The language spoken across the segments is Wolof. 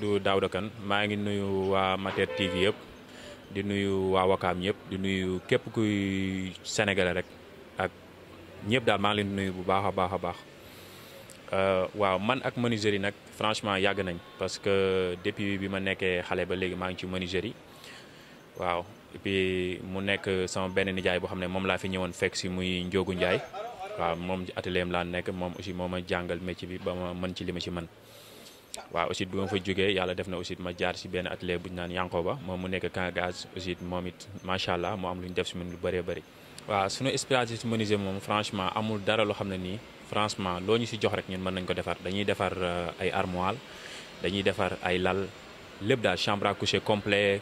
tudd Daouda maa ngi nuyu waa Mater TV yëpp di nuyu waa Wakaam yëpp di nuyu képp kuy sénégalais rek ak ñëpp daal maa ngi leen nuyu bu baax a baax a baax euh, waaw man ak yi nag franchement yàgg nañ parce que depuis bi ma nekkee xale ba léegi maa ngi ci menuiserie waaw et mu nekk sama benn nijaay boo xam ne moom laa fi ñëwoon fekk si muy Njoogu Njaay waaw moom ci atelier laa nekk moom aussi moom ma jàngal métier bi ba ma mën ci li ma ci mën waaw aussi bi ma fa jógee yàlla def na aussi ma jaar si benn atelier bu naan naan Yankoba moom mu nekk camp gaz aussi moom it macha allah mu am lu ñu def si man lu bëree bëri. waaw suñu inspiration si menuisier moom franchement amul dara loo xam ne nii franchement loo ñu si jox rek ñun mën nañ ko defar dañuy defar euh, ay armoire dañuy defar ay lal lépp daal chambre à coucher complet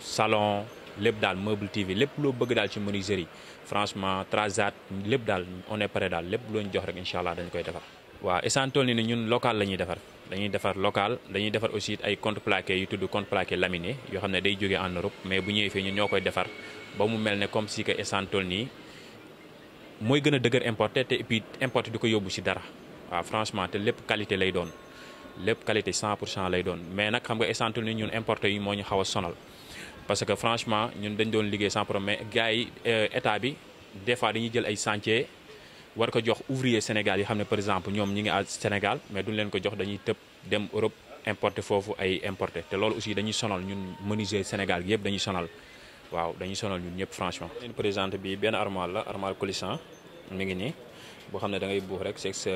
salon lépp daal meuble TV lép loo bëgg daal ci menuiserie yi franchement trasat lépp daal on est prêt daal lépp loo ñu jox rek incha allah dañ koy defar. waaw esantool ni ne ñun local la ñuy defar. dañuy défar local dañuy défar aussi ay compte plaqué yu tudd plaqué laminé yo xamné day jógee en Europe mais bu ñëwé fii ñun ñokoy défar ba mu mel comme si que esantol nii mooy gën dëgër importé té et puis importé diko yobbu ci dara wa franchement té lépp qualité lay doon lépp qualité 100 lay doon mais nak xam nga esantol nii ñun importé yi moñu xawa sonal parce que franchement ñun dañ doon liggéey sans problème mais gars euh, état bi des fois dañuy jël ay chantier war ko jox ouvrier Sénégal yi xamné par exemple ñom ñi ngi à Sénégal mais duñ leen ko jox dañuy tepp dem Europe importer fofu ay importer té loolu aussi dañuy sonal ñun menuisier Sénégal yépp dañuy sonal waaw dañuy sonal ñun ñëpp franchement. une présente bi benn armoire la armoire coulissant mi ngi ni bo xamné da ngay buux rek c'est sa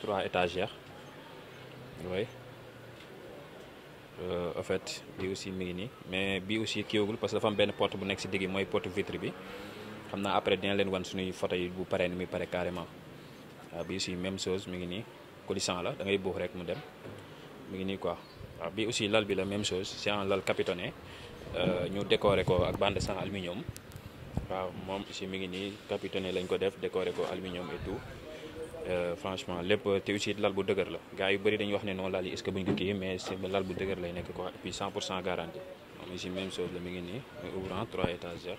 trois étagères oui en euh, fait bi aussi mi ngi ni mais bi aussi kiiwagul parce que dafa am benn porte bu nekk ci digi moy porte vitre bi xam après dina leen wan suñu photo yi bu paree ni muy pare carrément waaw bi aussi même chose mi ngi ni coulissant la da ngay buux rek mu dem mi ngi ni quoi waaw bi aussi lal bi la même chose c'est un lal capitonné euh, ñu décorer ko ak bande sans aluminium waaw mom aussi mi ngi ni capitonné lañ ko def décorer ko aluminium et tout euh, franchement lépp té aussi lal bu deuguer la gars yu bari dañ wax né non lal est-ce que buñ ko mais c'est lal bu deuguer lay nek quoi et puis 100 garanti mais ici même chose le mi ngi nii ouvrant trois étagères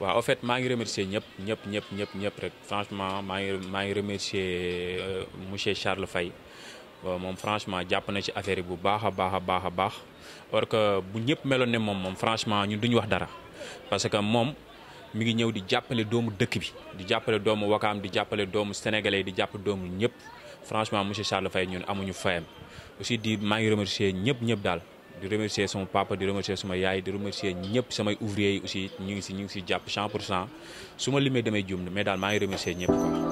waaw en fait maa ngi remercier ñëpp ñëpp ñëpp ñëpp ñëpp rek franchement maa ngi maa ngi remercier euh, monsieur Charles fay moom franchement jàpp na ci affaire bu baax a baax a baax a baax or que bu ñëpp meloon ne moom moom franchement ñun duñu wax dara parce que moom mi ngi ñëw di jàppale doomu dëkk bi di jàppale doomu Wakaam di jàppale doomu sénégalais di jàpp doomu ñëpp franchement monsieur Charles Faye ñun amuñu fayam aussi di maa ngi remercier ñëpp ñëpp daal. di remercier sama papa di remercier sama yaay di remercier ñëpp samay ouvrier yi aussi ñu ngi si ñu ngi si jàpp 100 pour cent su ma demee damay jum mais daal maa ngi remercier ñëpp